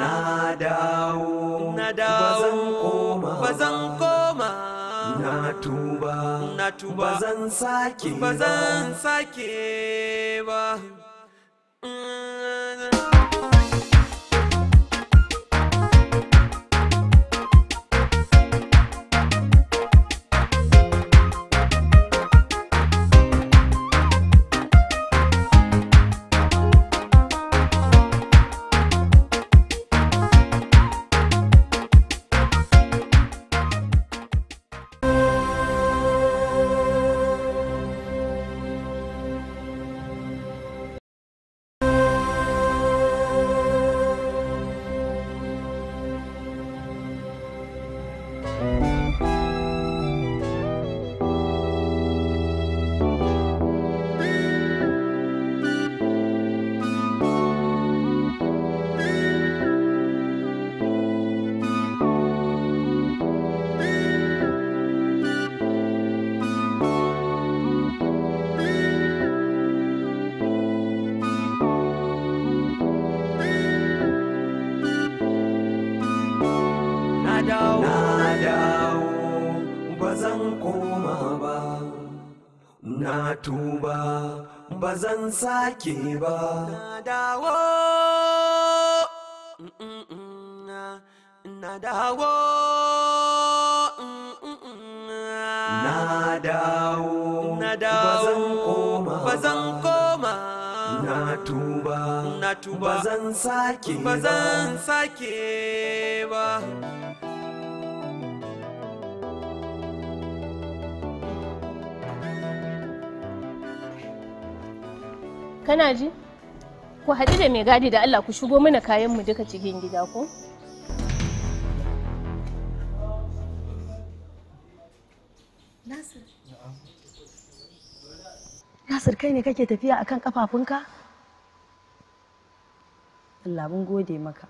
na dawo na dawo Ba zan koma na tuba na tuba bazan sake bazan sake ba tuba ba zan sake ba na dawo na dawo na dawo na dawo ba zan koma na tuba na ba sake ba zan sake ba kana ji ku haɗu da mai gadi da Allah ku shigo mana kayan mu duka cikin gida ko Nasir Nasir kai ne kake tafiya akan kafafunka Allah mun gode maka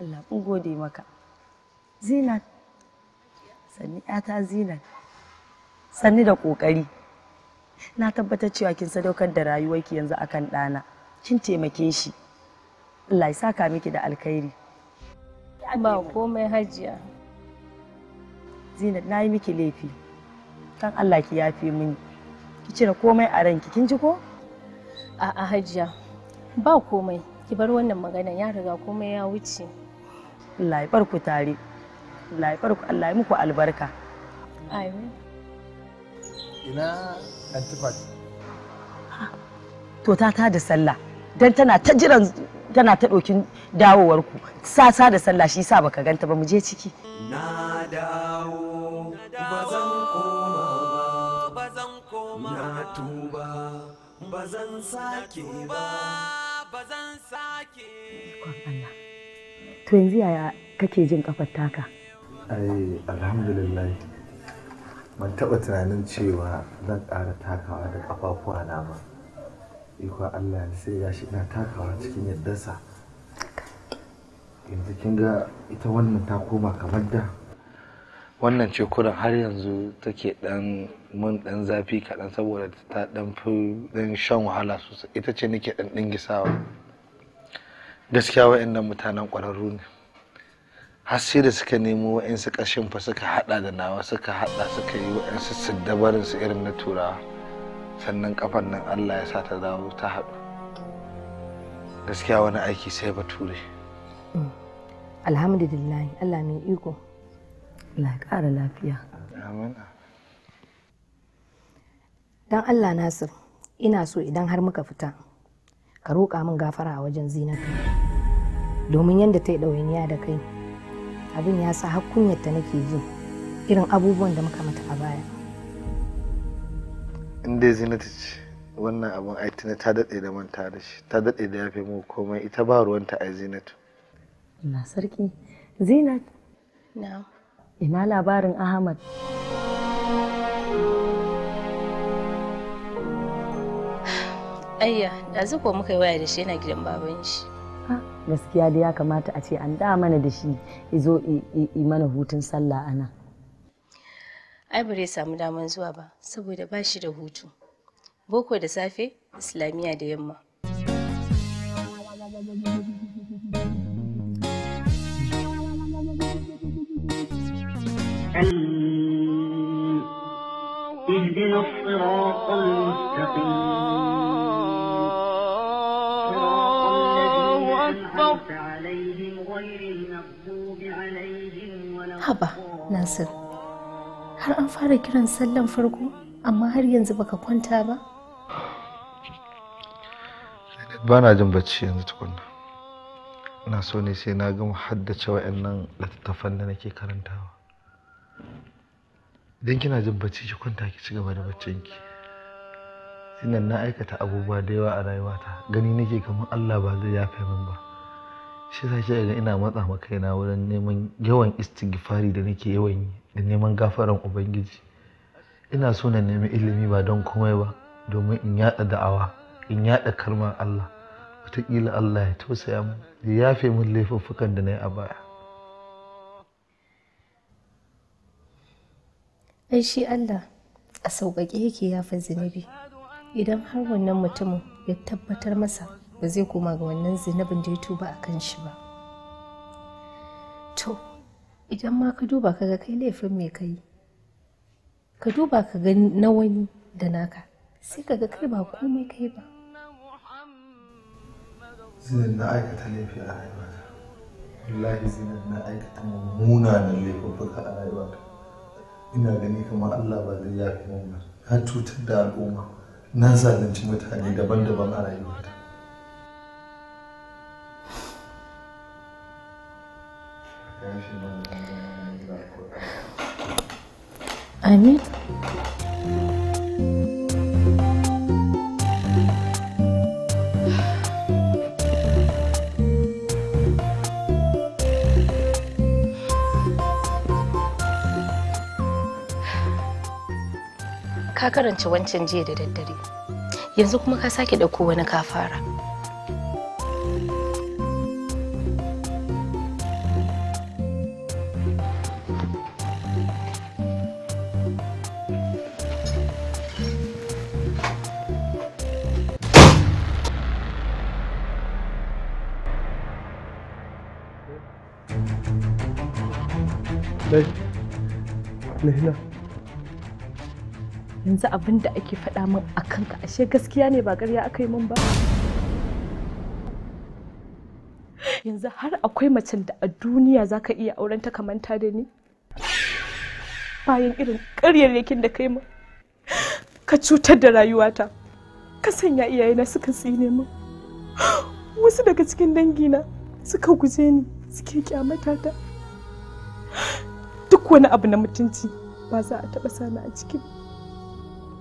Allah mun gode maka Zinat sanni ta Zinat sanni da kokari na tabbatar cewa kin sadaukar da rayuwarki yanzu akan ɗana kin taimake shi Allah ya saka miki da alkhairi ba komai hajiya Zinat na yi miki laifi kan Allah ki yafe mini ki cire komai a ranki kin ji ko a'a hajiya ba komai ki bar wannan magana ya riga komai ya wuce Allah ya barku tare Allah ya barku Allah ya muku albarka amin ina antifat to ta ta da sallah dan tana ta jiran tana ta ɗokin dawowar ku sasa da sallah shi sa baka ganta ba mu je ciki na dawo bazan koma ba bazan koma na tuba bazan sake ba bazan sake to yanzu yaya kake jin kafar taka ai alhamdulillah ban taɓa tunanin cewa zan ƙara takawa da ƙafafuwa na ba ikon allah sai ya shi ina takawa cikin yardarsa yanzu kin ga ita wannan ta koma kamar da wannan ce kurin har yanzu take ɗan mun ɗan zafi kaɗan saboda ta ɗan fi ɗan shan wahala sosai ita ce nake ɗan ɗingisawa gaskiya nan mutanen ƙwararru ne har sai da suka nemo wa'insu ƙashin fa suka haɗa da nawa suka haɗa suka yi wa'insu siddabarin su irin na turawa sannan kafan nan allah ya sa ta dawo ta haɗu gaskiya wani aiki sai ture mm. alhamdulillah allah mai iko allah ya ƙara lafiya don allah nasir ina so idan har muka fita ka roƙa min gafara a wajen zinata domin yadda ta yi ɗawainiya da kai abin ya sa har yadda nake ji irin abubuwan da muka mata a baya inda zina ta ce wannan abin ai ta daɗe da manta da shi ta daɗe da yafe mu komai ita ba ruwanta ai zinatu na sarki zina. na ina labarin ahmad ayya da zuko muka yi waya da shi yana gidan baban shi gaskiya da ya kamata a ce an da mana da shi izo i mana hutun sallah ana ai ba samu daman zuwa ba saboda ba shi da hutu boko da safe islamiyya da yamma اهدنا الصراط المستقيم Nasir, har an fara kiran sallan farko amma har yanzu baka kwanta ba? Ba na jin bacci yanzu tukunna. Ina so ne sai na gama haddace wa'annan littattafan da nake karantawa. Idan kina jin bacci ki kwanta ki ci gaba da baccinki. Sinan na aikata abubuwa da yawa a rayuwata gani nake kamar Allah ba zai yafe min ba. shi sa shi ga ina matsa ma kaina wurin neman yawan istighfari da nake yawan yi da neman gafaran ubangiji ina so na nemi ilimi ba don komai ba domin in yada da'awa in yada kalmar Allah wataƙila Allah ya tausaya mu ya yafe min laifuffukan da na yi a baya ai shi Allah a sauƙaƙe yake yafa zunubi idan har wannan mutumin ya tabbatar masa ba zai koma ga wannan zinabin da ya tuba a kan shi ba to idan ma ka duba ka ga kai laifin mai kai ka duba ka ga na wani da naka sai ka ga kai ba komai kai ba zinan na aikata laifi a rayuwata wallahi zinan na aikata munanan laifuka a rayuwata ina gani kamar allah ba zai yafi mun ba na cutar da al'umma na zalunci mutane daban-daban a rayuwata Ka karanci wancan jiya da daddare, yanzu kuma ka sake ɗauko wani ka fara. Lahila. Yanzu abin da ake faɗa min a kanka ashe gaskiya ne ba ƙarya aka yi min ba. Yanzu har akwai macen da a duniya za ka iya auren ta kamanta da ni? Bayan irin ƙaryarrakin da kai min. Ka cutar da rayuwata. Ka sanya iyayena suka tsine min. Wasu daga cikin dangina suka guje ni suke kyamata ta. duk wani abu na mutunci ba za a taɓa sani a ciki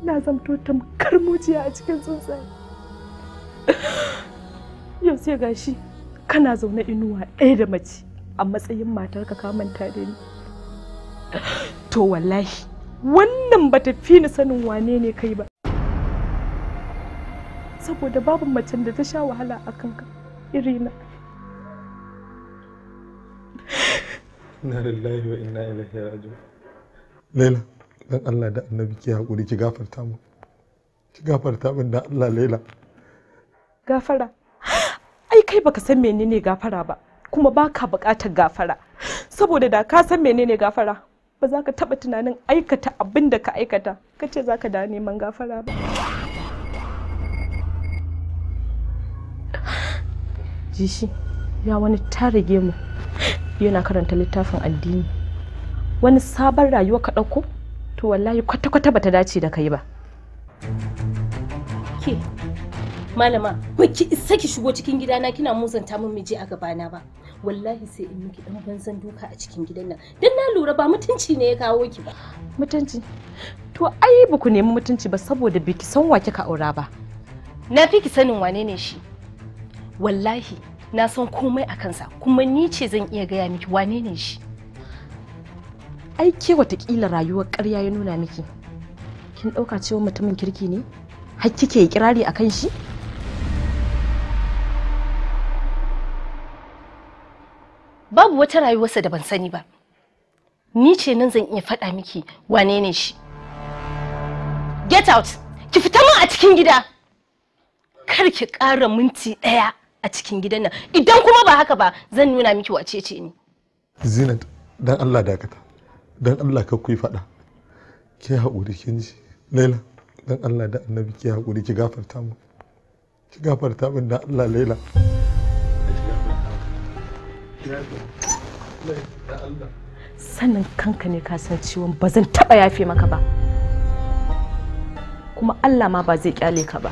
na zamto tamkar mujiya a cikin tsuntsaye yau sai gashi kana zaune inuwa ɗaya da mace a matsayin matar ka kamanta da ni to wallahi wannan bata fi ni sanin wane ne kai ba saboda babu macen da ta sha wahala a kanka irina inna lillahi wa inna ilaihi raji'un laila dan Allah da annabi ki hakuri ki gafarta mu ki gafarta min da Allah laila gafara ai kai baka san menene gafara ba kuma baka bukatar gafara saboda da ka san menene gafara ba za ka taba tunanin aikata abin da ka aikata ka ce za ka da neman gafara ba jishi ya wani ta rage mu yana karanta littafin addini wani sabon rayuwa ka ɗauko to wallahi kwata-kwata bata dace da kai ba ke malama ki isa ki shigo cikin gidana kina muzanta min miji a gabana ba wallahi sai in miki dan banzan duka a cikin gidan nan dan na lura ba mutunci ne ya kawo ki ba mutunci to ai ba ku nemi mutunci ba saboda biki san wa kika aura ba na fi ki sanin wane ne shi wallahi na san komai a kansa kuma ni ce zan iya gaya miki wane ne shi ai ke watakila rayuwar ƙarya ya nuna miki kin ɗauka cewa mutumin kirki ne har kike yi kirari a kan shi babu wata rayuwarsa da ban sani ba ni ce nan zan iya faɗa miki wane ne shi get out ki fita min a cikin gida kar ki ƙara minti ɗaya a cikin gidan nan idan kuma ba haka ba zan nuna miki wace ce ni zinat dan Allah dakata dan Allah ka ku fada ke hakuri kin ji laila dan Allah da annabi ke hakuri ki gafarta mu ki gafarta min dan Allah laila sanin kanka ne ka san ciwon ba zan taɓa yafe maka ba kuma Allah ma ba zai kyale ka ba.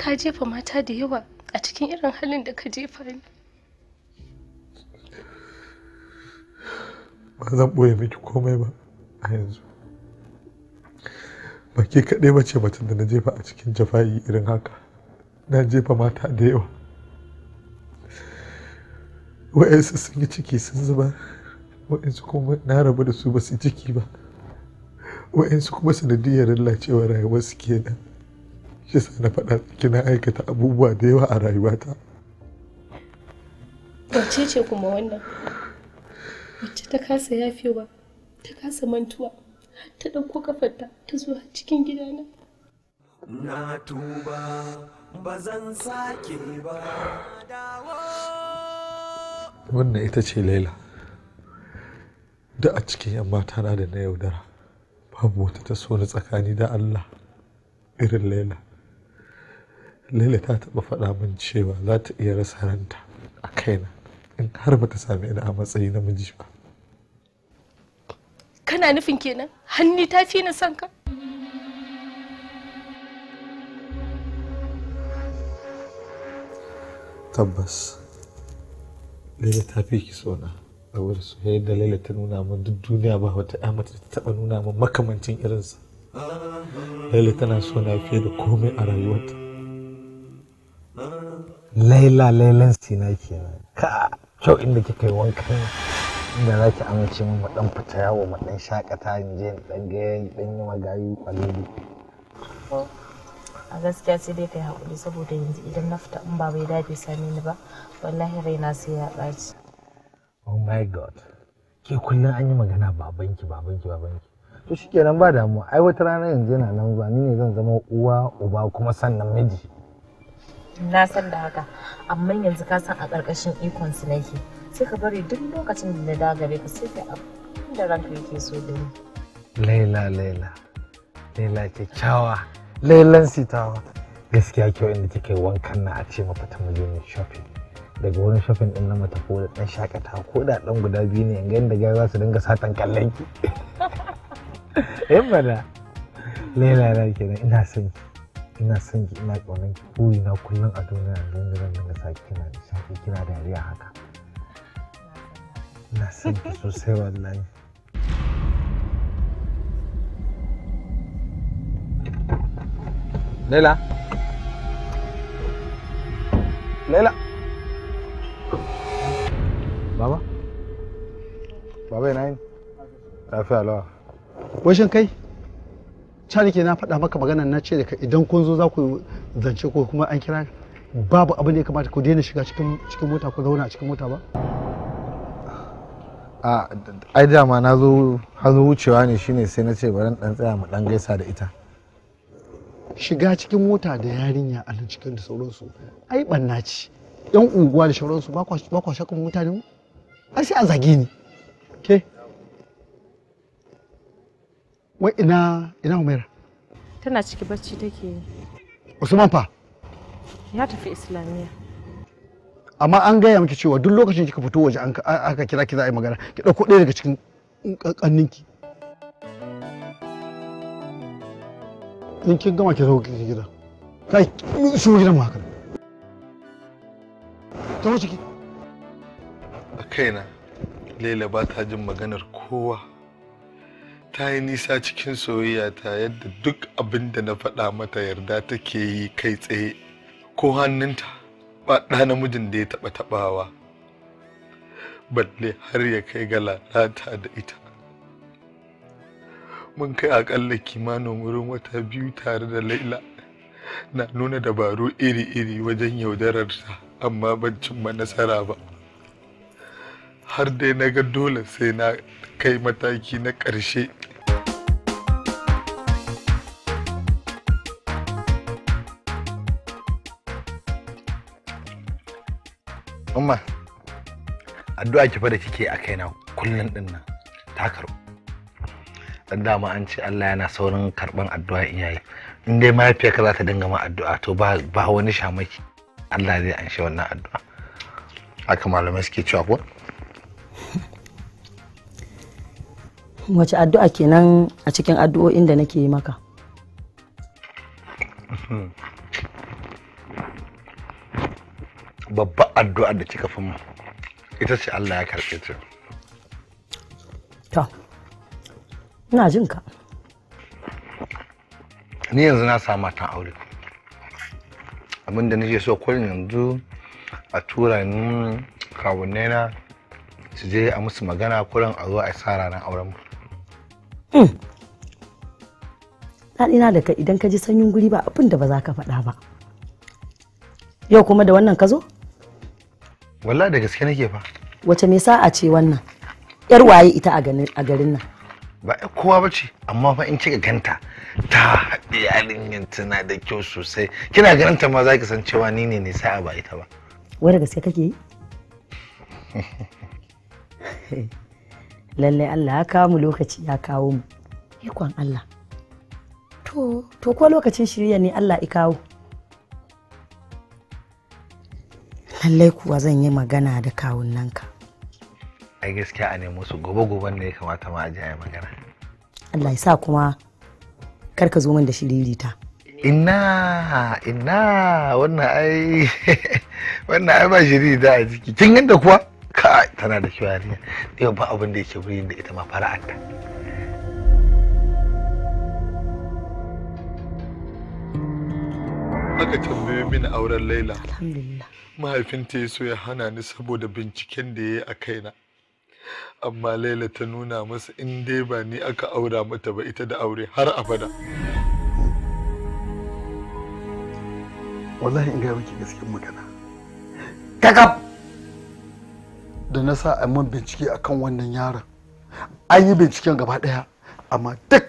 ka jefa mata da yawa a cikin irin halin da ka jefa ni ba zan ɓoye miki komai ba a yanzu ba ke kaɗai ba ce mutum da na jefa a cikin jafa'i irin haka na jefa mata da yawa wa'yansu sun yi ciki sun zuba wa'yansu kuma na rabu da su ba su ciki ba wa'yansu kuma sanadiyar lalacewa rayuwar su kenan shi sa na faɗa kina aikata abubuwa da yawa a rayuwata wace ce kuma wannan wace ta kasa yafewa ta kasa mantuwa ta ɗauko kafarta ta zo cikin gidana na tuba ba zan sake ba wannan ita ce laila da a cikin yan matana da na yaudara babu wata ta so na tsakani da allah irin laila Lele ta taɓa faɗa min cewa za ta iya rasa ranta a kaina in har ta same ni a matsayi namiji ba. Kana nufin kenan hannu ta fi na son ka? Tabbas, Lele ta fi ki sona. A wurin soyayya da Lele ta nuna min duk duniya ba wata ya ta taɓa nuna min makamancin irinsa. Lele tana sona fiye da komai a rayuwarta. laila lailan sina kenan ka kyau inda kika yi wankan inda zaki ki min mu dan fita yawo mu dan shakata in je dan ga dan yi magayi kwalili a gaskiya sai dai kai hakuri saboda yanzu idan na fita in ba bai dace same ni ba wallahi raina sai ya baci oh my god ke kullum an yi magana babanki babanki babanki to shikenan ba damuwa ai wata rana yanzu yana nan zuwa ni ne zan zama uwa uba kuma sannan miji na san da haka amma yanzu ka san a ƙarƙashin ikon su nake sai ka bari duk lokacin da na dagare ka sai ka abin da ranka yake so da ni laila laila laila kyakkyawa lailan sitawa gaskiya kyau inda kike wankan na a ce maka ta mu je shopping daga wurin shopping din na mu da dan shakata ko da dan guda biyu ne ga yanda gaya za su dinga satan kallon ki eh bana laila na kenan ina son ki ina son ki ina ƙaunar ki buri na kullum a duniya yanzu yanzu zan dinga saki kina nishaɗi kina dariya haka ina son ki sosai wallahi Laila Laila Baba Baba yana yin lafiya lawa Washin kai ke na faɗa maka magana na ce daga idan kun zo za ku zance ko kuma an kira babu abin da ya kamata ku daina shiga cikin mota ku zauna a cikin mota ba a ai dama na zo hazo wucewa ne shine sai na ce bari dan tsaya mu dan gaisa da ita shiga cikin mota da yarinya a nan cikin da sauransu ai banna ce yan unguwa da sauransu ba kwa shakun mutane ai sai a zage ni ke wai ina ina umaira tana ciki bacci take yi usman fa ya tafi islamiyya amma an gaya miki cewa duk lokacin kika fito waje an aka kira ki za a yi magana ki ɗauko ɗaya daga cikin kankannin ki. in kin gama ki sauke ki gida kai shigo gidan mu haka ta wuce ki a kaina laila ba ta jin maganar kowa ta yi nisa cikin soyayya ta yadda duk abin da na faɗa mata yarda take yi kai tsaye ko hannunta ba ɗa namijin da ya taɓa taɓawa balle har ya kai ga lalata da ita mun kai aƙalla kimanin wurin wata biyu tare da laila na nuna dabaru iri-iri wajen yaudararta amma ban cimma nasara ba har dai na ga dole sai na kai mataki na ƙarshe umma addu'a ki fada da kike a kaina kullun din nan ta karbu dan dama an ce Allah yana saurin karban addu'a iyaye in dai mahaifiyarka za ta dinga ma addu'a to ba ba wani shamaki Allah zai anshe wannan addu'a haka malamai suke cewa ko wace addu'a kenan a cikin addu'o'in da nake yi maka babba addu'ar da kika fi mu ita ce Allah ya karɓe ta to ina jin ka ni yanzu na samu matan aure abinda nake so kullum yanzu a tura ni kawunai na su je a musu magana kullum a zo a sa ranar auren mu hmm. daɗina da ka idan ka ji sanyin guri ba abin da ba za ka faɗa ba yau kuma da wannan ka zo wallahi da gaske nake fa wace me sa'a ce wannan yar waye ita a garin nan ba kowa bace, amma fa in kika ganta ta haɗe yin tana da kyau sosai kina ganin ta ma za ki san cewa ni ne ne sa'a ba ita ba wai da gaske kake yi lallai Allah ya kawo mu lokaci ya kawo mu ikon Allah to to ko lokacin shirya ne Allah ya kawo lallai kuwa zan yi magana da kawunanka ai gaskiya a nemo su gobe-goben da ya kamata ma a ji yi magana Allah ya sa kuma karka zo min da shiririta inna inna wannan ai wannan ai ba shiririta a ciki kin yadda kuwa kai tana da kyau yarinya ba abin da yake wuri da ita ma fara'anta. aka tambaye mini auren laila mahaifinta ya so ya hana ni saboda binciken da ya yi a kaina amma laila ta nuna masa in dai ba ni aka aura mata ba ita da aure har abada wallahi in ga miki gaskiyar magana kakaf da na sa a man bincike akan wannan yaron an yi binciken gaba daya amma duk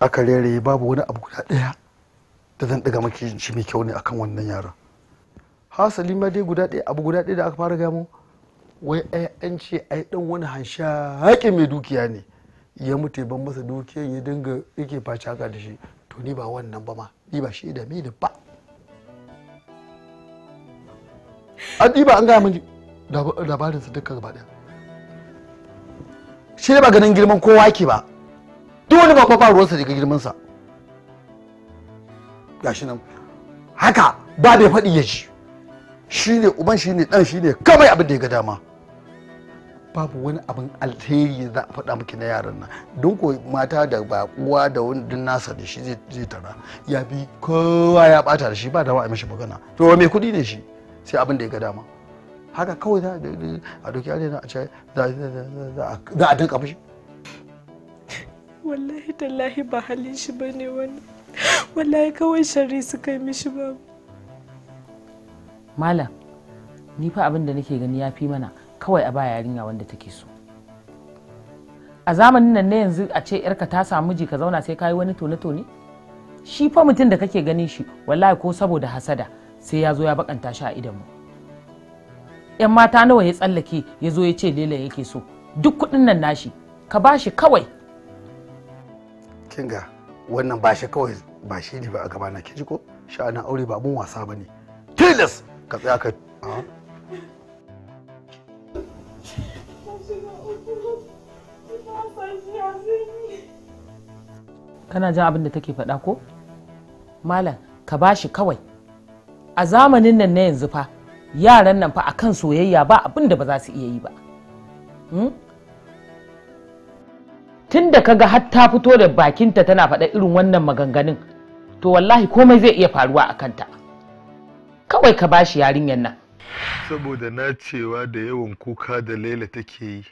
aka rere babu wani abu guda daya da zan ɗiga maki shi mai kyau ne akan wannan yara hasali ma dai guda ɗaya abu guda ɗaya da aka fara gamo wai ai an ce ai dan wani hansha haƙin mai dukiya ne ya mutu ban masa dukiyan ya dinga yake face haka da shi to ni ba wannan ba ma ni ba shi da me da ba an ba an gaya mani labarinsa duka gaba ɗaya shi ne ba ganin girman kowa ke ba duk wani ba ba ruwansa daga girmansa gashi nan haka ba bai faɗi ya ji shi ne uban shi ne ɗan shi ne kamai abin da ya ga dama babu wani abin alheri za a faɗa miki na yaran nan don ko mata da ba uwa da wani nasa da shi zai tara ya bi kowa ya bata da shi ba da a mishi magana to mai kuɗi ne shi sai abin da ya ga dama haka kawai za a doki a a ce za a dinka mishi wallahi tallahi ba halin shi bane wani wallahi kawai sharri suka yi mishi babu malam ni fa abin da nake gani ya fi mana kawai a ba yarinya wanda take so a zamanin nan na yanzu a ce yarka ta samu ji ka zauna sai kayi wani tone-tone shi fa mutum da kake ganin shi wallahi ko saboda hasada sai ya zo ya bakanta shi a mu yan mata nawa ya tsallake ya zo ya ce lela yake so duk kudin nan nashi ka bashi kawai kinga wannan bashi kawai ba shi ne ba a gabana ke ji ko sha'anin aure ba mun wasa ba ne tilas ka tsaya ka ah. kana jin abin da take faɗa ko malam ka bashi kawai a zamanin nan na yanzu fa yaran nan fa akan soyayya ba abin da ba za su iya yi ba hmm? tun da kaga har ta fito da bakinta tana faɗa irin wannan maganganun to wallahi komai zai iya faruwa a kanta kawai ka bashi yarinyar nan saboda na cewa da yawan kuka da laila take yi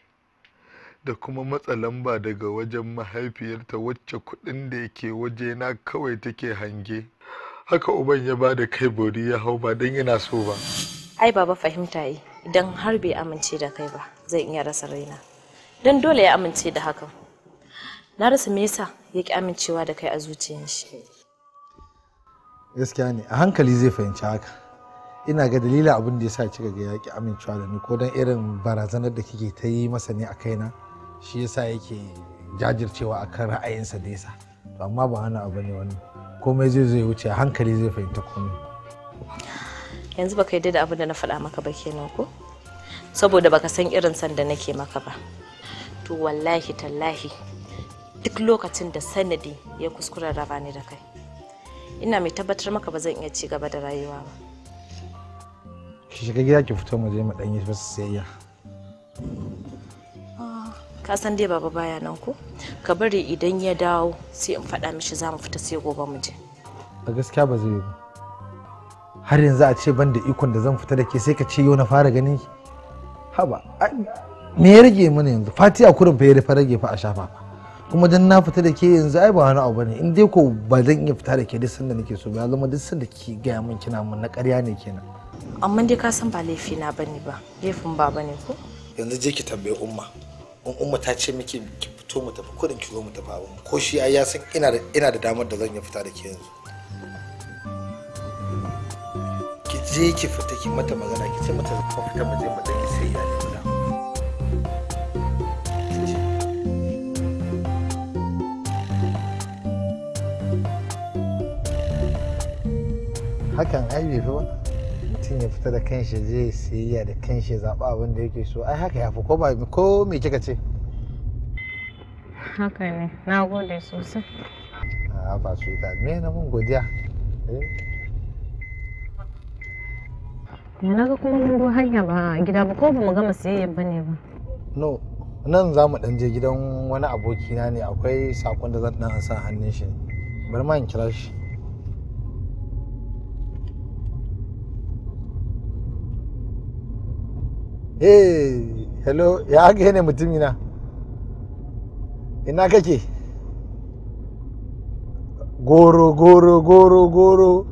da kuma matsa lamba daga wajen mahaifiyarta wacce kuɗin da yake waje na kawai take hange haka uban ya ba da kai bori ya hau ba don yana so ba ai baba fahimta yi idan har bai amince da kai ba zai iya rasa raina don dole ya amince da hakan na rasa me yasa ya ki amincewa da kai a zuciyar shi gaskiya ne a hankali zai fahimci haka ina ga dalilin abin da ya sa cika ga yaƙi amincewa da ni ko don irin barazanar da kike ta yi masa ne a kaina shi yasa yake jajircewa akan ra'ayinsa da yasa to amma ba hana abu ne wannan komai zai zai wuce a hankali zai fahimta komai yanzu baka yadda da abin da na faɗa maka ba kenan ko saboda baka san irin san da nake maka ba to wallahi tallahi duk lokacin da sanadi ya kuskura raba ni da kai ina mai tabbatar maka ba zan iya ci gaba da rayuwa ba ki shiga gida ki fito mu je mu dan yi sayayya ka san dai baba baya nan ko ka bari idan ya dawo sai in faɗa mishi za mu fita sai gobe mu je a gaskiya ba zai yi ba har yanzu a ce ban da ikon da zan fita da ke sai ka ce yau na fara ganin haba me ya rage mana yanzu fatiya kurin fa ya rage fa a shafa fa kuma dan na fita da ke yanzu ai ba wani abu bane in dai ko ba zan iya fita da ke duk sanda nake so ba ya zama duk sanda ke gaya min kina min na ƙarya ne kenan amma dai ka san ba laifi na bane ba laifin ba bane ko yanzu je ki tambaye umma in umma ta ce miki ki fito mu tafi kudin ki zo mu tafi abin ko shi ai ya san ina da ina da damar da zan iya fita da ke yanzu ki je ki fita ki mata magana ki ce mata ko fita mu je mu tafi sai ya hakan ai bai fi ba mutum ya fita da kanshi zai siya da kanshi zaɓa abin da yake so ai haka ya fi ko ba ko me kika ce haka ne na gode sosai a ba su ita me na mun godiya ya eh. na ga kuma mun hanya ba gida ba ko ba mu gama siyayya ba ne ba no nan za mu ɗan je gidan wani abokina ne akwai sakon da zan ɗan sa hannun shi bari ma in kira shi hey hello ya aka ne mutumina ina kake goro goro goro goro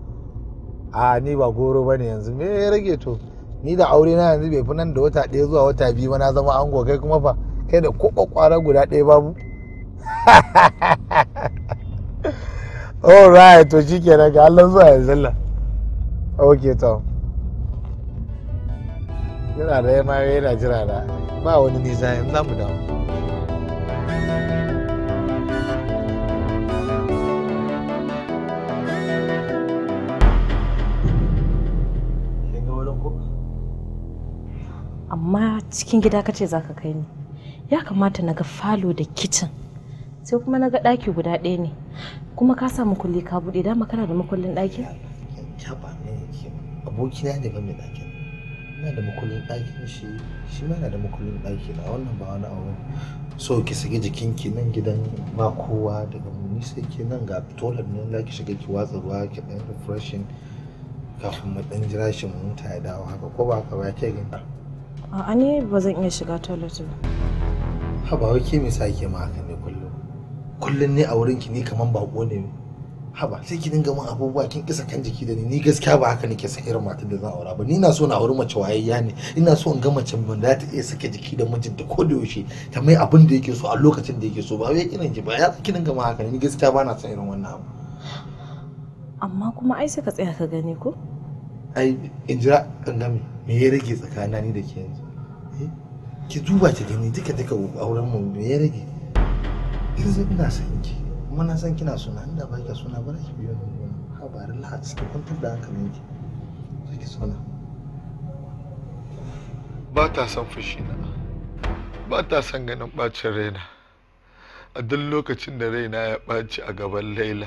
a ni ba goro ba ne yanzu me ya rage to ni da aure na yanzu bai fi nan da wata ɗaya zuwa wata biyu na zama ango kai kuma fa kai da koɓa kwara guda ɗaya babu all right to shikenan ga Allah zuwa yanzu Allah okay to jira da ya yana jira ba wani nisa in zamu da amma cikin gida kace za ka kai ni ya kamata na ga falo da kicin sai kuma na ga ɗaki guda ɗaya ne kuma ka samu kulli ka buɗe dama kana da makullin ke abokina da ban da ɗakin ina da makullin ɗakin shi shi ma yana da makulin ɗaki na wannan ba wani abu so ki saki jikin ki nan gidan ba kowa daga muni sai nan ga tolar nan za ki shiga ki watsa ruwa ki ɗan refreshing kafin mu ɗan jira shi mu ta ya dawo haka ko ba haka ba ke gani a'a ne ba zan iya shiga toilet ba ha ba wai ke mai sa ke ma haka ne kullum kullum ne a wurin ki ni kamar bako ne haba sai ki dinga mun abubuwa kin kisa kan jiki da ni ni gaskiya ba haka nake son irin matar da zan aura ba ni na so na auri mace wayayya ne ina so in ga mace mun da ta iya sake jiki da mijinta ko da yaushe ta mai abin da yake so a lokacin da yake so ba wai kiran ki ba ya ki dinga mun haka ni gaskiya ba na son irin wannan abu amma kuma ai sai ka tsaya ka gani ko ai in jira kan ga me ya rage tsakanina ni da ke yanzu eh, ki duba ki gani duka duka auren mu me ya rage yanzu ina son ki kuma na san kina suna inda ba ki suna ba ki biyo ni gona ha ba relax ki kwantar da hankalin ki ki suna ba ta son fushi na ba ta son ganin bacin raina a duk lokacin da raina ya ɓaci a gaban laila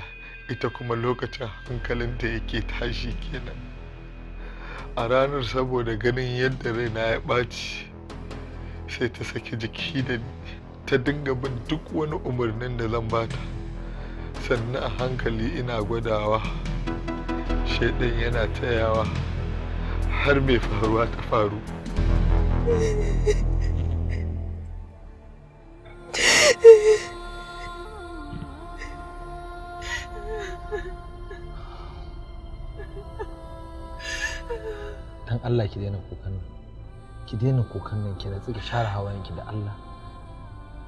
ita kuma lokacin hankalinta yake tashi kenan a ranar saboda ganin yadda raina ya ɓaci sai ta saki jiki da ni ta dinga bin duk wani umarnin da zan bata. Sannan a hankali ina gwadawa shaidan yana tayawa har mai faruwa ta faru dan Allah ki daina kokan nan ki daina kokan nan ki natsu ki share hawayenki da Allah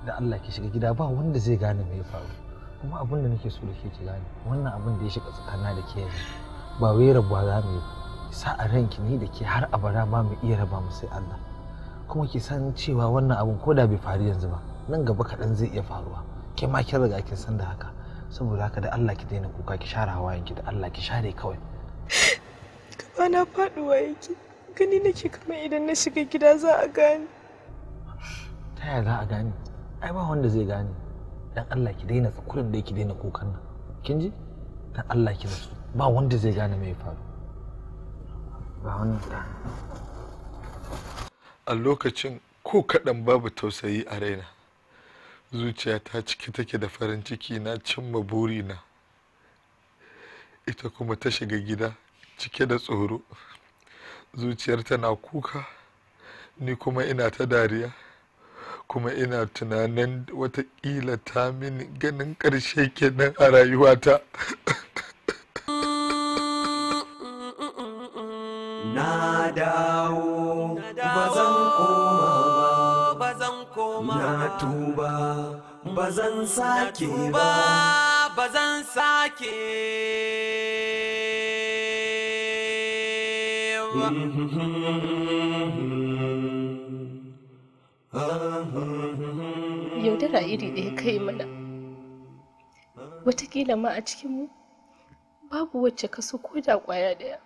da Allah ki shiga gida ba wanda zai gane me ya faru kuma abin da nake so da ke ki gane wannan abin da ya shiga tsakanin da ke yanzu ba wai rabuwa za mu yi sa a ranki ni da ke har a bara ba mu iya raba mu sai Allah kuma ki san cewa wannan abin ko da bai faru yanzu ba nan gaba kaɗan zai iya faruwa ke ma kin riga kin san da haka saboda haka da Allah ki daina kuka ki share hawayenki da Allah ki share kawai gaba na faɗuwa yake gani nake kamar idan na shiga gida za a gane ta yaya za a gane ai ba wanda zai gane dan Allah ki daina tsakurin da ki daina kokan nan kin ji dan Allah ki nasu ba wanda zai gane me ya faru ba wannan a lokacin ko kaɗan babu tausayi a raina zuciya ta ciki take da farin ciki na cimma burina ita kuma ta shiga gida cike da tsoro zuciyar ta na kuka ni kuma ina ta dariya kuma ina tunanin watakila ta mini ganin ƙarshe kenan a rayuwata na dawo ba zan koma ba na tuba ba zan sake ba bazan sake ba yaudara iri ɗaya kai mana watakila ma a cikinmu babu wacce ka so ko da ƙwaya ɗaya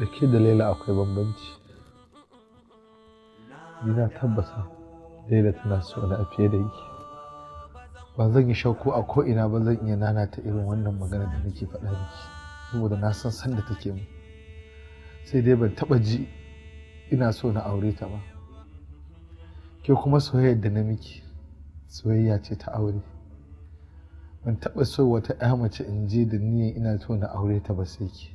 da ke da laila akwai bambanci ina tabbata laila tana so na fiye da yi ba zan yi shauku a ko'ina ba zan iya nana ta irin wannan magana da nake faɗa miki saboda na san sanda take mu sai dai ban taba ji ina so na aure ta ba ke kuma soyayyar da na miki soyayya ce ta aure ban taba so wata ya mace in je da niyan ina so na aure ta ba sai ki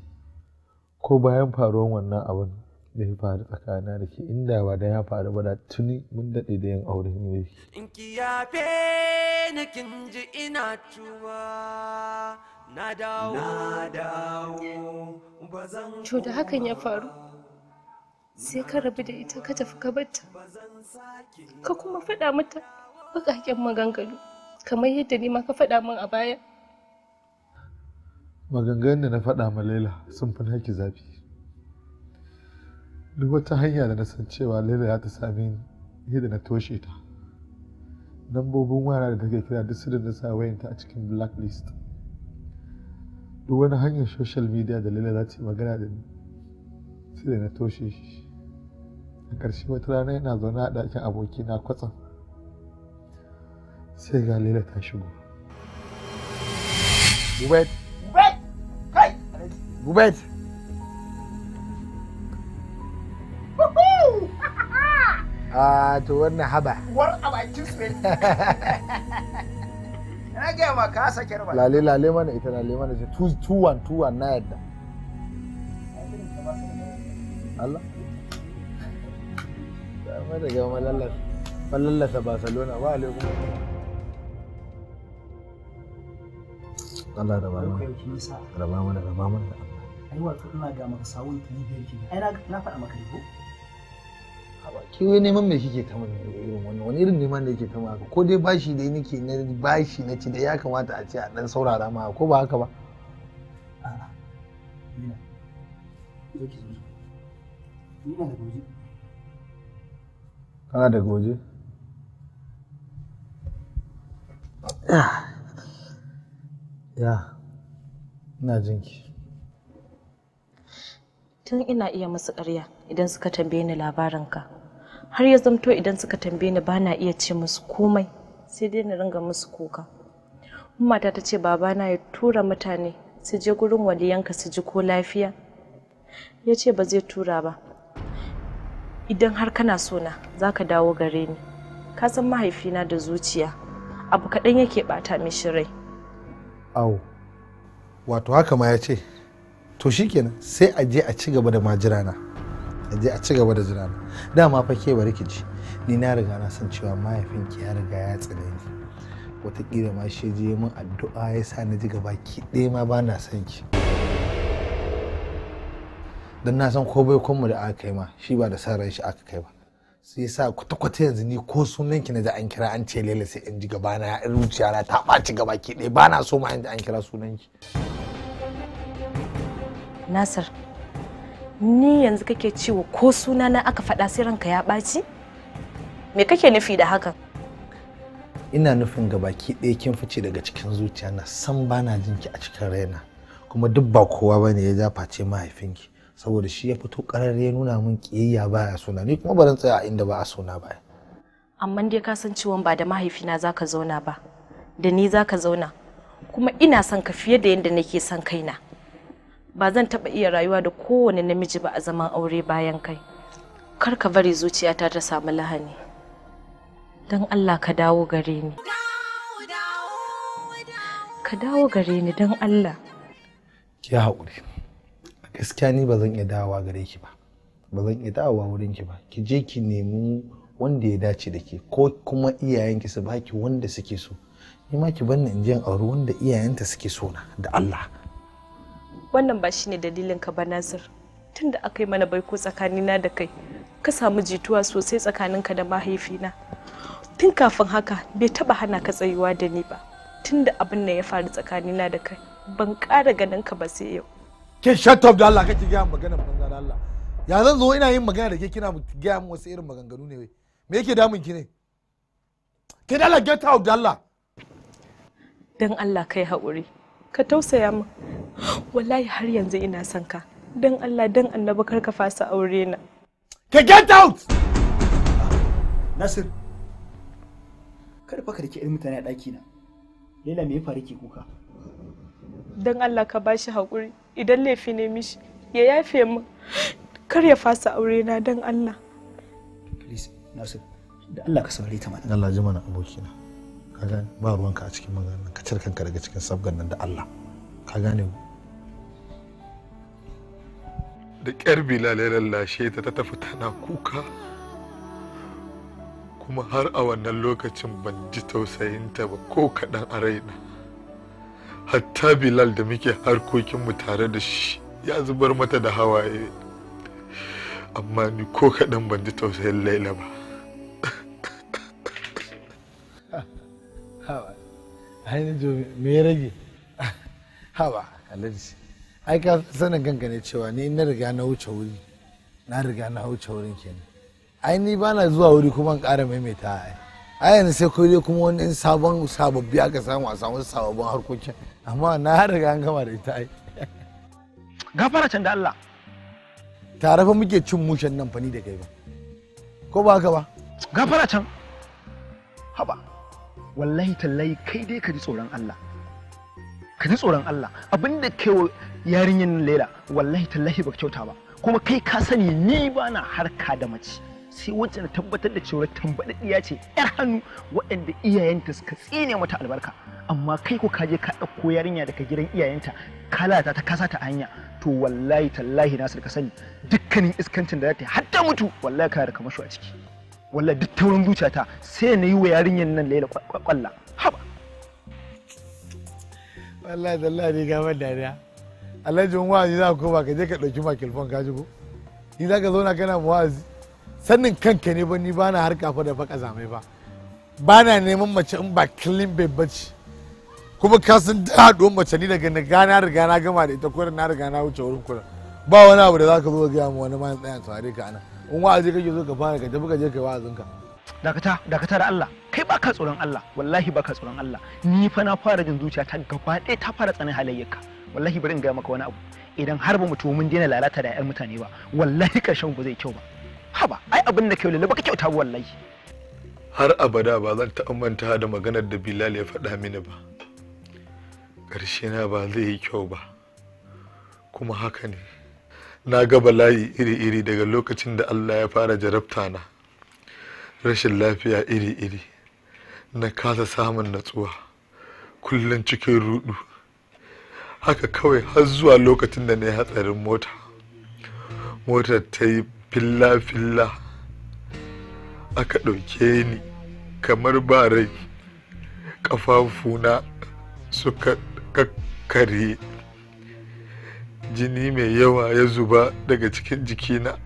ko bayan faruwan wannan abin da ya faru tsakana da ke inda ba da ya faru ba da tuni mun daɗe da yin aure ne da In ni kin ji ina tuwa na to da hakan ya faru sai ka rabu da ita ka tafi ka batta ka kuma faɗa mata baƙaƙen maganganu kamar yadda ni ma ka faɗa min a baya maganganun da na faɗa ma laila sun fi naki zafi duk wata hanya da na san cewa laila ya ta sami ni da na toshe ta lambobin waya da take kira duk su da na sa wayanta a cikin blacklist duk wani hanyar social media da Laila ce magana da ni sai da na toshe shi a ƙarshe wata rana yana zaune a ɗakin aboki na kwatsam sai ga Laila ta shigo Bubet! Bubet! Kai! Bubet! Ah, to wannan haba. War a bakin Ina gaya ma ka sakir ba. Lale lale mana ita lale mana ce two one two one na yadda. Allah. Mai daga malallasa. Malallasa Barcelona ba alaikum. Allah da Raba mana raba mana. Ai wato ina ga maka sawun biyar Ai na faɗa maka ne ko? haba ki wai neman me kike ta mun irin wani wani irin neman da yake ta mun ko dai bashi dai nake na bashi na ci da ya kamata a ce a dan saurara ma ko ba haka ba kana da goje ya ina jinki tun ina iya musu ƙarya idan suka tambaye ni labarinka har ya zamto idan suka tambaye ni na iya ce musu komai sai dai na ringa musu kuka mata ta ce babana ya tura mutane su je gurin waliyanka su ji ko lafiya ya ce ba zai tura ba idan har kana sona za ka dawo gare ni ka san mahaifina da zuciya abu kaɗan yake ɓata mishi rai au wato haka ma ya ce to shikenan sai a je a ci gaba da majirana aje a ci gaba da jira dama fa ke bari ki ni na riga na san cewa mahaifinki ya riga ya tsare ni wataƙila ma shi je min addu'a ya sa na ji gaba ki ɗaya ma ba na san ki don na san ko bai kwanmu da aka kai ma shi ba da sa ran shi aka kai ba sai yasa kwata-kwata yanzu ni ko sunan ki na ji an kira an ce lele sai in ji gaba na ya zuciya na ta ɓaci gaba ki ɗaya ba na so ma in an kira sunan ki. Nasir, ni yanzu kake cewa ko suna na aka faɗa sai ranka ya ɓaci me kake nufi da hakan ina nufin ga baki ɗaya kin fice daga cikin zuciya na san bana jinki a cikin raina kuma duk ba kowa bane ya zafa mahaifinki saboda shi ya fito ƙarar ya nuna min ƙiyayya baya suna ni kuma baran tsaya a inda ba a suna ba amma dai ka san ciwon ba da mahaifina zaka zauna ba da ni zaka zauna kuma ina son ka fiye da yadda nake son kaina ba zan taɓa iya rayuwa da kowane namiji ba a zaman aure bayan kai kar ka bari zuciyata ta samu lahani don allah ka dawo gare ni ka dawo gare ni don allah ki haƙuri gaskiya ni ba zan iya dawowa gare ki ba ba zan iya dawowa wurin ki ba ki je ki nemi wanda ya dace da ke ko kuma iyayenki su baki wanda suke so ni ma ki banni in je in auri wanda iyayenta suke so na da Allah wannan ba shine dalilin ka ba Nazir tunda aka yi mana baiko tsakanina da kai ka samu jituwa sosai tsakaninka da mahaifina tun kafin haka bai taba hana ka tsayuwa da ni ba tunda abin nan ya faru tsakanina da kai ban ƙara ganin ka ba sai yau ke shut up da Allah kake gaya magana banza da Allah ya zan zo ina yin magana da ke kina gaya min wasu irin maganganu ne wai me yake damun ki ne ke da Allah get out da Allah dan Allah kai haƙuri ka tausaya min wallahi har yanzu ina son ka don Allah don annabi kar ka fasa aure na ka get out Nasir kar fa ka rike irin mutane a daki na Laila me ya faru ke kuka don Allah ka bashi hakuri idan laifi ne mishi ya yafe mu kar ya fasa aure na don Allah please Nasir da Allah ka saurare ta mana Allah ji mana abokina ka gane ba ruwanka a cikin maganar ka cire kanka daga cikin sabgan nan da Allah ka gane da kyar bilal ya lallashe ta ta tafi tana kuka kuma har a wannan lokacin ban ji tausayinta ba ko kaɗan a raina hatta bilal da muke harkokinmu tare da shi ya zubar mata da hawaye amma ni ko kaɗan ban ji tausayin laila ba hawa me rage hawa ai ka sanin kanka ne cewa ni na riga na wuce wuri na riga na wuce wurin kenan ai ni bana zuwa wuri kuma in ƙara maimaita ai ai yanzu sai ko dai kuma wani sabon sababbi aka samu a samu sababbin harkokin amma na riga an gama da ita ai gafara can da Allah tare fa muke cin mushen nan fani da kai ba ko ba haka ba gafara can haba wallahi tallahi kai dai ka ji tsoron Allah ka ji tsoron Allah abinda kai yarinyar nan laila wallahi tallahi ba kyauta ba kuma kai ka sani ni ba na harka da mace sai wacce na tabbatar da cewa tambadaddiya ce yar hannu waɗanda iyayenta suka tsine mata albarka amma kai ko je ka ɗauko yarinya daga gidan iyayenta kalata ta kasa ta hanya to wallahi tallahi na ka sani dukkanin iskancin da za ta yi hatta mutu wallahi ka da a ciki wallahi duk taurin zuciyata sai na yi wa yarinyar nan laila kwakwalla haba wallahi tallahi ne ga dariya alhaji wa'azi za ko ba ka je ka ɗauki makilfon ka ji ko ni za ka zauna kana mu wa'azi sannin kanka ne ba ni ba na harka fa da fa kazamai ba ba na neman mace in ba kilin bai bace kuma ka san da haɗuwar mace ni daga na gana riga na gama da ita kurin na riga na wuce wurin kurin ba wani abu da za ka zo ga ma wani ma tsaya tsare ka ana in wa'azi kake zo ka fara ka tafi ka je ka wa'azinka dakata dakata da Allah kai baka tsoron Allah wallahi baka tsoron Allah ni fa na fara jin zuciya ta gaba ɗaya ta fara tsanin halayyarka wallahi bari in gaya maka wani abu idan har ba mu tuwo mun daina lalata da 'yan mutane ba wallahi karshen ba zai kyau ba haba ai abin da kyau lalle baka kyauta ba wallahi har abada ba zan ta'ammanta da maganar da Bilal ya faɗa mini ba Karshe na ba zai yi kyau ba kuma haka ne na ga bala'i iri-iri daga lokacin da Allah ya fara jarabta na rashin lafiya iri-iri na kasa samun natsuwa kullum cikin rudu haka kawai har zuwa lokacin da na yi hatsarin mota motar ta yi filla-filla aka ɗauke ni kamar ba rai ƙafafuna suka kakkare jini mai yawa ya zuba daga cikin jikina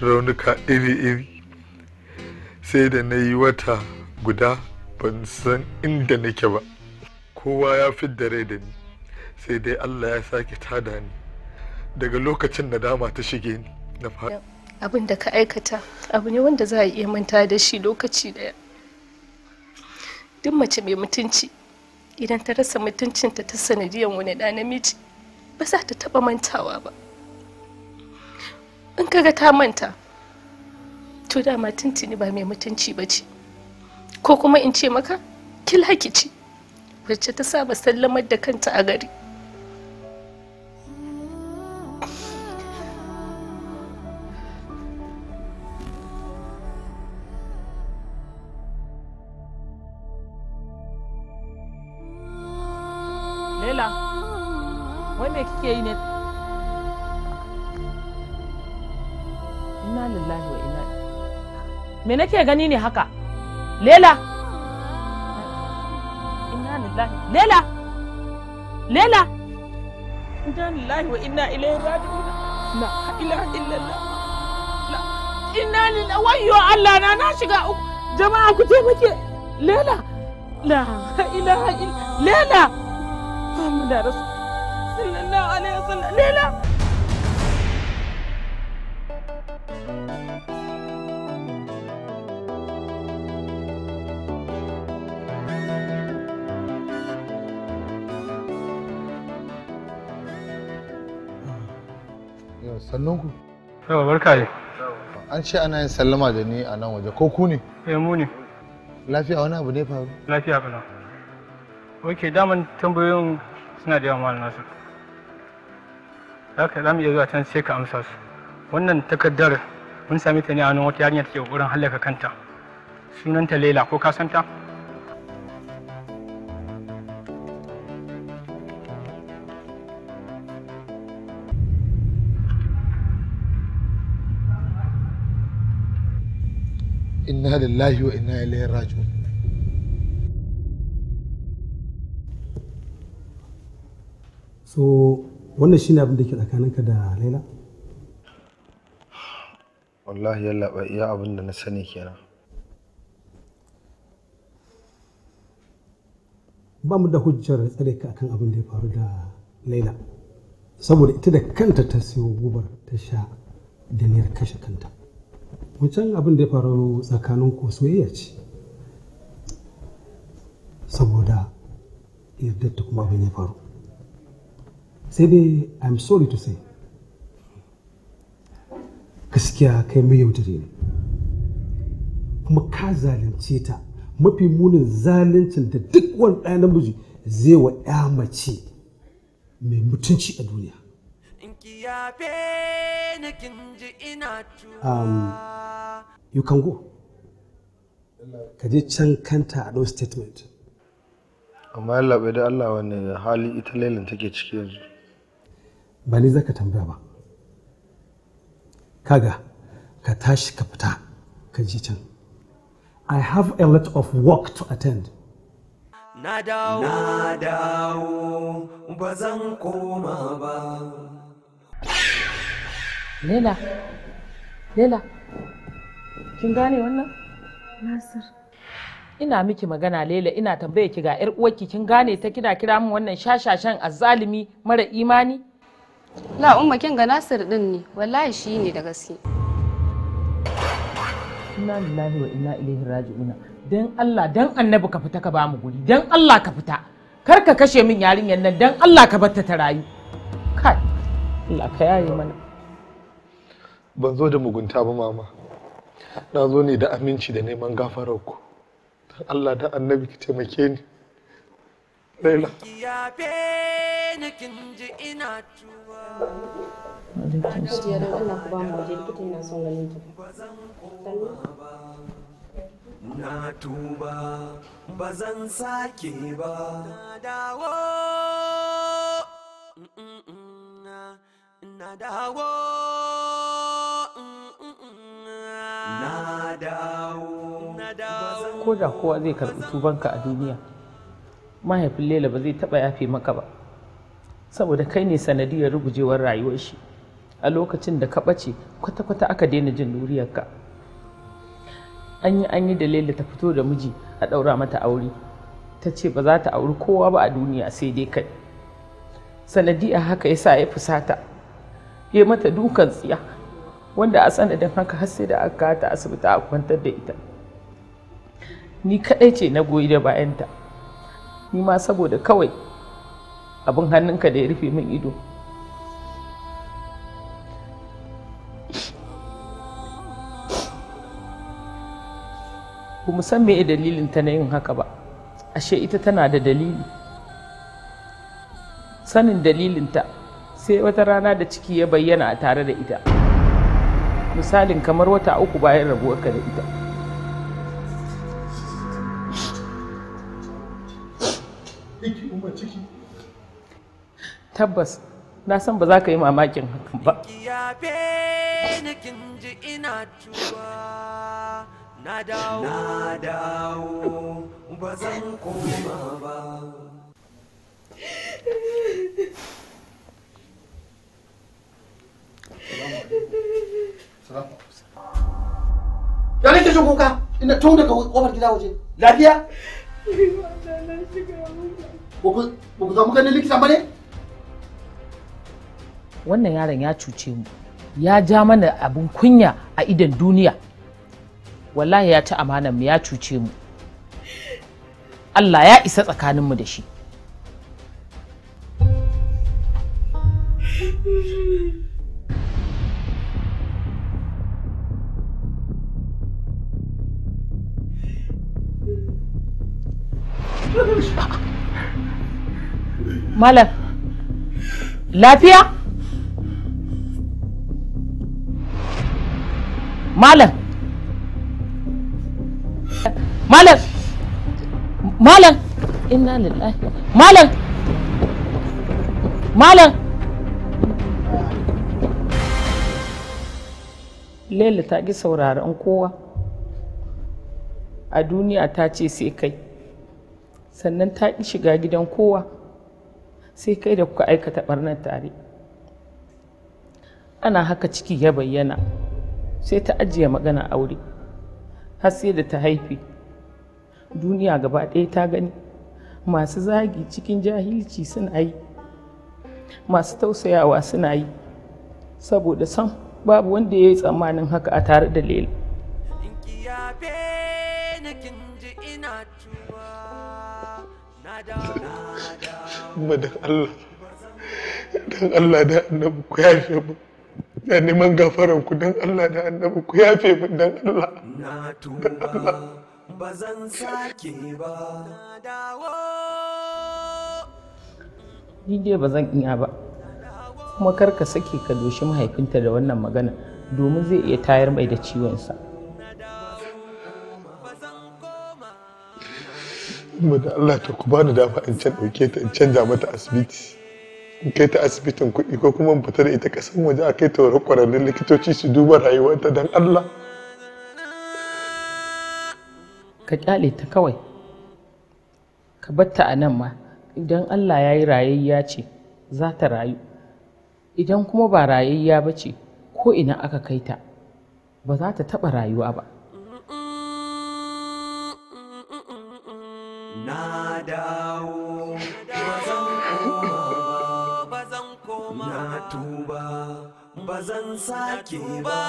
raunuka iri-iri sai da na yi wata guda ban san inda nake ba kowa ya fi da rai da ni sai dai Allah ya sake tada ni daga lokacin nadama ta shige ni na abin da ka aikata abu ne wanda za a iya manta da shi lokaci daya duk mace mai mutunci idan ta rasa mutuncinta ta sanadiyar wani ɗa namiji ba za ta taɓa mantawa ba in kaga ta manta to dama tuntuni ba mai mutunci ba ce ko kuma in ce maka kilaki ce wacce ta saba sallamar da kanta a gari Laila wai me kike yi ne inna lillahi wa inna me nake gani ne haka Lela. inna lillahi Lela. Lela. inna lillahi wa inna ilaihi raji'un la ilaha illallah la inna lillahi wayyo Allah na na shiga jama'a ku taimake Lela. la ilaha illallah Lela. da rasu sallallahu alaihi wasallam lela sannan ku yawa barka ne an ce ana yin sallama da ni a nan waje ko ku ne eh mu ne lafiya wani abu ne faru lafiya bana ok daman tambayoyin suna da yawa malam nasu za ka za mu iya zuwa can sai ka amsa su wannan takardar mun sami ta ne a wata yarinya take kokarin hallaka kanta sunanta Laila ko ka santa inna lillahi wa inna ilaihi raji'un so wannan shine abin da ke tsakaninka da laila wallahi yalla ba iya abin da na sani kenan ba mu da hujjar tsare ka akan abin da ya faru da laila saboda ita da kanta ta siyo gubar ta sha da niyar kashe kanta wancan abin da ya faru tsakanin ku soyayya ce saboda yadda ta kuma abin ya faru sai dai i'm sorry to say gaskiya kai mai yaudare ne kuma ka zalunce ta mafi munin zaluncin da duk wani ɗaya namiji zai wa ya mace mai mutunci a duniya um, you can go ka je can kanta a statement amma yallaɓe da allah wani hali ita lailin take ciki yanzu ba ni zaka tambaya ba kaga ka tashi ka fita ka je can i have a lot of work to attend na dawo na dawo ba zan koma ba Lela, Lela, kin gane wannan? Nasir. Ina miki magana Lela ina tambaye ki ga 'yar uwarki kin gane ta kina kira min wannan shashashan azzalimi mara imani? La umma kin ga Nasir din ne, wallahi shi ne da gaske. Inna lillahi wa inna ilaihi raji'una. Dan Allah, dan Annabi ka fita ka ba mu guri. Dan Allah ka fita. Kar ka kashe min yarinyar nan dan Allah ka bar ta ta rayu. Kai. Allah ka yaye mana. Ban zo da mugunta ba mama. Na zo ne da aminci da neman gafararku. Dan Allah da Annabi ki taimake ni. tuba ba sake ba. dawo. Na dawo. Ko da kowa zai karɓi tubanka a duniya. mahaifin lela ba zai taɓa yafe maka ba saboda kai ne sanadiyar rugujewar rayuwar shi a lokacin da ka ɓace kwata-kwata aka daina jin ka. an yi an yi da lela ta fito da miji a ɗaura mata aure ta ce ba za ta auri kowa ba a duniya sai dai kai sanadiyar haka ya sa ya fusata ya mata dukan tsiya wanda a sanadin haka har sai da aka ta asibiti a kwantar da ita ni kaɗai ce na goyi da bayanta ni ma saboda kawai abin hannunka da ya rufe min ido kuma san meye dalilin ta na yin haka ba ashe ita tana da dalili sanin dalilinta sai wata rana da ciki ya bayyana a tare da ita misalin kamar wata uku bayan rabuwarka da ita tabbas na san ba za ka yi mamakin hakan ba Ya nake jin kuka ina tun daga kofar gida waje. Lafiya? Ba ku zamu ganin likita ba ne? wannan yaron ya cuce mu ya ja mana abin kunya a idon duniya wallahi ya ci amanar mu ya cuce mu Allah ya isa tsakaninmu da shi Malam, lafiya? malam malam malam inna lillahi malam malam lele ta ƙi sauraron kowa a duniya ta ce sai kai sannan ta ƙi shiga gidan kowa sai kai da kuka aikata ɓarnar tare ana haka ciki ya bayyana sai ta ajiye magana aure har sai da ta haifi duniya gaba ɗaya ta gani masu zagi cikin jahilci suna yi masu tausayawa suna yi saboda sam babu wanda ya yi tsammanin haka a tare da lela Madan Allah, Allah da annabu ku yashe mu. da neman gafaran ku don Allah da annabi ku yafe min don Allah na tuba ba zan sake ba dawo ni dai ba zan iya ba kuma kar ka sake ka doshi mahaifinta da wannan magana domin zai iya tayar mai da ciwonsa mu da Allah ta ku bani dama in can ɗauke ta in canza mata asibiti in kai ta asibitin kuɗi ko kuma in fita da ita ƙasan waje a kai ta wurin ƙwararrun likitoci su duba rayuwarta don Allah. Ka ƙyale ta kawai, ka batta a nan ma, idan Allah ya yi rayayya ce za ta rayu, idan kuma ba rayayya ba ce ko ina aka kai ta ba za ta taɓa rayuwa ba. Na dawo. bazan sake ba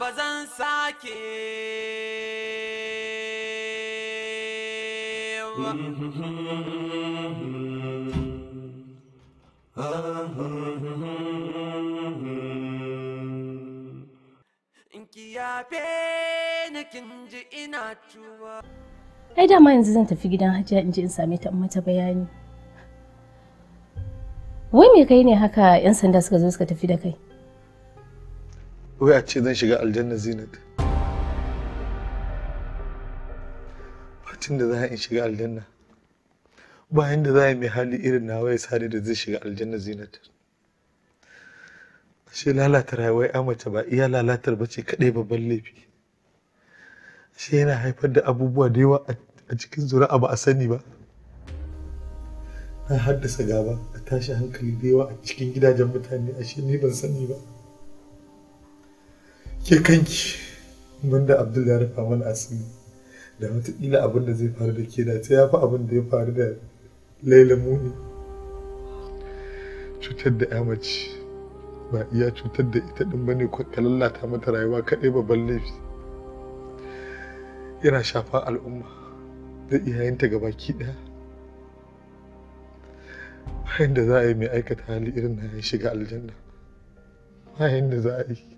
bazan sake Ai dama yanzu zan tafi gidan hajiya in je in same ta mata bayani. Wai me kai ne haka 'yan sanda suka zo suka tafi da kai? wai a ce zan shiga aljanna zinat fatin da za a in shiga aljanna bayan da za a yi mai hali irin na wai sare da zai shiga aljanna zinat ashe lalata rayuwar ya mace ba iya lalatar ba ce kaɗai babban laifi ashe yana haifar da abubuwa da yawa a cikin zuri'a ba a sani ba na haddasa gaba a tashi hankali da yawa a cikin gidajen mutane ashe ni ban sani ba ke kanki wanda abdul ya rufa mana asiri da wataƙila abin da zai faru da ke da ta ya fi abin da ya faru da laila muni cutar da ya mace ba iya cutar da ita ɗin bane ka lallata mata rayuwa kaɗai babban laifi yana shafa al'umma da iyayenta gabaki ɗaya bayan da za a yi mai aikata hali irin na ya shiga aljanna bayan da za a yi